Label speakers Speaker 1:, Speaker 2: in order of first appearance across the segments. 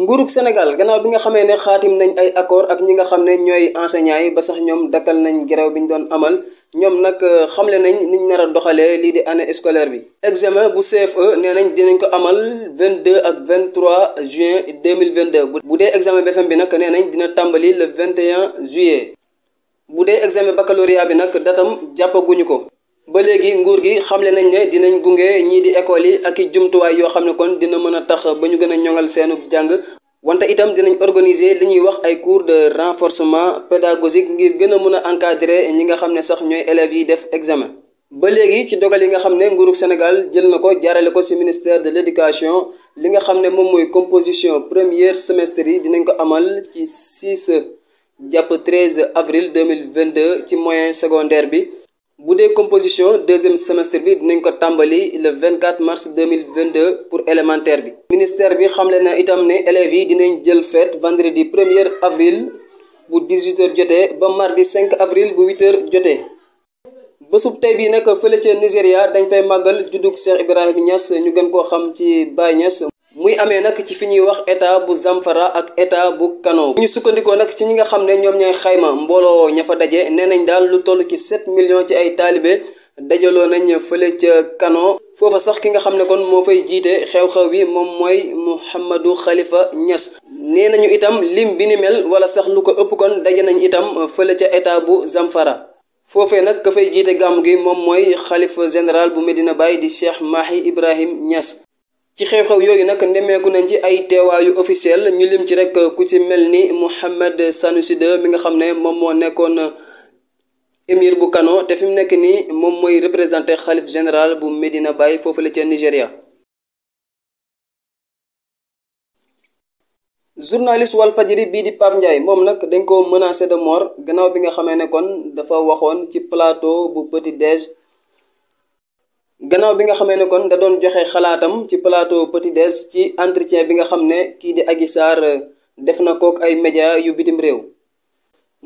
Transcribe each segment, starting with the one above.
Speaker 1: nguurug Sénégal gannaaw bi nga xamee ne xaatim nañ ay accord ak ñi nga xam ne ñooy enseignants yi ba sax ñoom dakkal nañ grève bi ñu doon amal ñoom nag euh, xamle nañ niñ nar a doxalee lii de année scolaire bi. examen bu CFE nee nañ dinañ ko amal 22 ak 23 juin 2022 bu dee examen BFEM bi nag nee dina tàmbali le 21 juillet bu dee examen baccalauréat bi nag datam jàppaguñu ko. ba léegi nguur gi xamle nañ ne dinañ gunge ñii di école yi ak i jumtuwaay yoo xam ne kon dina mën a tax ba ñu gën a ñoŋal seenu jàng wante itam dinañ organiser li ñuy wax ay cours de renforcement pédagogique ngir gën a mën a encadrer ñi nga xam ne sax ñooy élèves yi def examen. ba léegi ci dogal yi nga xam ne nguurug Sénégal jël na ko jaarale ko si ministère de l'éducation li nga xam ne moom mooy composition première semestre yi dinañ ko amal ci 6 jàpp 13 avril 2022 ci moyen secondaire bi. bu dee composition deuxième semestre bi dinañ ko tàmbali le vingt 24 mars 2022 pour élémentaire bi. ministère bi xamle na itam ne élèves yi dinañ jël fête vendredi 1er avril bu 18h jotee ba mardi 5 avril bu 8h jotee. bésub tey bii nag fële ca Nigéria dañ fay màggal juddug Cheikh Ibrahima Niass ñu gën koo xam ci Baye Niass. muy amee nag ci fi ñuy wax état bu Zamfara ak état bu Kano bu ñu sukkandikoo nag ci ñi nga xam ne ñoom ñooy xayma mbooloo ña fa daje nee nañ daal lu toll ci 7 millions ci ay taalibee dajaloo nañ fële ca Kano foofa sax ki nga xam ne kon moo fay jiite xew-xew moom mooy Mouhamadou Khalifa Niass nee nañu itam lim bi mel wala sax ko ëpp kon daje nañ itam fële état bu Zamfara foofee nag ka fay jiite gàmm gi moom mooy xalifa général bu Medina Baye di Cheikh Mahi Ibrahim ñas ci xew-xew yooyu nag ndemeeku nañ ci ay teewaayu officiel ñu lim ci rek ku ci mel ni Mohamed Sanusi II mi nga xam ne moom moo nekkoon émir bu Kano te fi mu nekk nii moom mooy représenté xalif général bu médina Baye foofu la ca Nigéria. journaliste Walfadjri bii di Pape Ndiaye moom nag dañ ko menacé de mort gannaaw bi nga xamee ne kon dafa waxoon ci plateau bu Petit Déj. gannaaw bi nga xamee ne kon da doon joxe xalaatam ci plateau Petit des ci entretien bi nga xam ne kii di agisaar euh, def na kook ay média yu bitim réew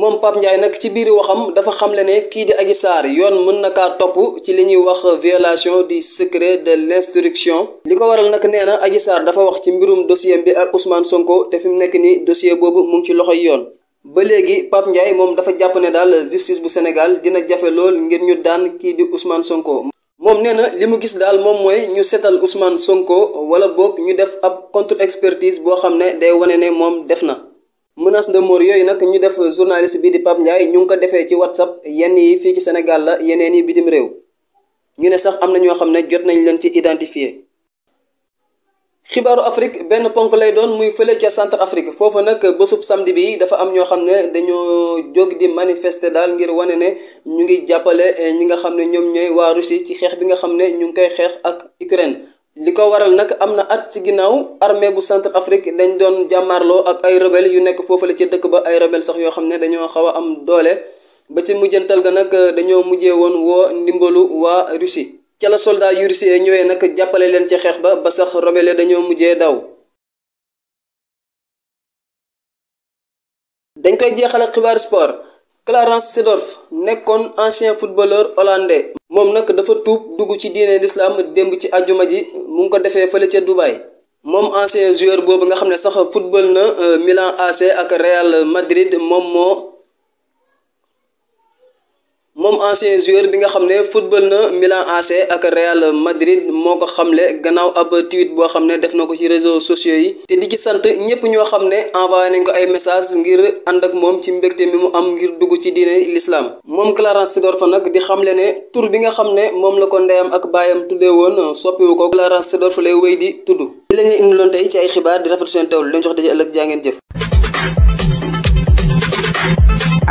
Speaker 1: moom Pape njaay nag ci biir waxam dafa xamle ne kii di Adji yoon mën na kaa topp ci li ñuy wax violation di secret de l'instruction li ko waral nag nee na Adji dafa wax ci mbirum dossier bi ak Ousmane Sonko te fi mu nekk ni dossier boobu mu ngi loxo loxoy yoon ba léegi Pape Ndiaye moom dafa jàpp ne daal justice bu Sénégal dina jafe lool ngir ñu daan kii di Ousmane Sonko moom nee na li mu gis daal moom mooy ñu seetal Ousmane Sonko wala boog ñu def ab contre expertise boo xam ne day wane ne moom def na. menace de mort yooyu nag ñu def journaliste bi di Pape Ndiaye ñu ngi ko defee ci whatsapp yenn yi fii ci Sénégal la yeneen yi bitim réew ñu ne sax am na ñoo xam ne jot nañ leen ci identifier. xibaaru Afrique benn ponk lay doon muy fële ca centre Afrique foofa nag bésub samedi bi dafa am ñoo xam ne dañoo jóg di manifester daal ngir wane ne ñu ngi jàppale eh, ñi nga xam ne ñoom ñooy waa Russie ci xeex bi nga xam ne ñu ngi koy xeex ak Ukraine. li ko waral nag am na at ci ginnaaw armée bu centre Afrique dañ doon jàmmaarloo ak ay rebelle yu nekk foofu la ca dëkk ba ay rebelle sax yoo xam ne dañoo xaw a am doole ba ci mujjantal ga nag eh, dañoo mujjee woon woo ndimbalu waa Russie. ca la soldat yu russie ñëwee nag jàppale leen ci xeex ba ba sax rebelle dañoo mujjee daw. dañ koy jeexal ak xibaar sport Clarence Seedorf nekkoon ancien footballeur hollandais moom nag dafa tuub dugg ci diine lislaam démb ci ajuma ji mu ngi ko defee fële ca Dubaay moom ancien joueur boobu nga xam ne sax football na euh, Milan AC ak Real Madrid moom moo. moom ancien joueur bi nga xam ne football na Milan AC ak Real Madrid moo ko xamle gannaaw ab tweet boo xam ne def na ko ci réseau sociaux yi te di ci sant ñëpp ñoo xam ne envoyé nañ ko ay message ngir ànd ak moom ci mbégte mi mu am ngir dugg ci diine lislaam moom Clarence fa nag di xamle ne tur bi nga xam ne moom la ko ndeyam ak baayam tuddee woon soppiwu ko Clarence Seedorf lay wéy di tudd. li la ñuy indiloon tey ci ay xibaar di rafetlu seen teewlu leen jox daje ëllëg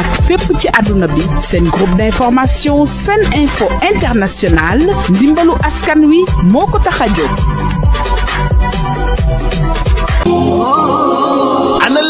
Speaker 2: ak fépp ci adduna bi seen groupe d'information seen info international ndimbalu askan wi moo ko tax a jóg